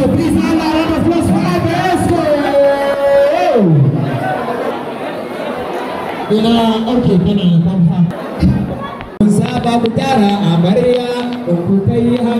Ina ɗauke tana da kwamfa. Musa ku tara amarya, kai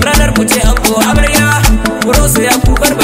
ranar ku ce ango amarya wurin su ya kukar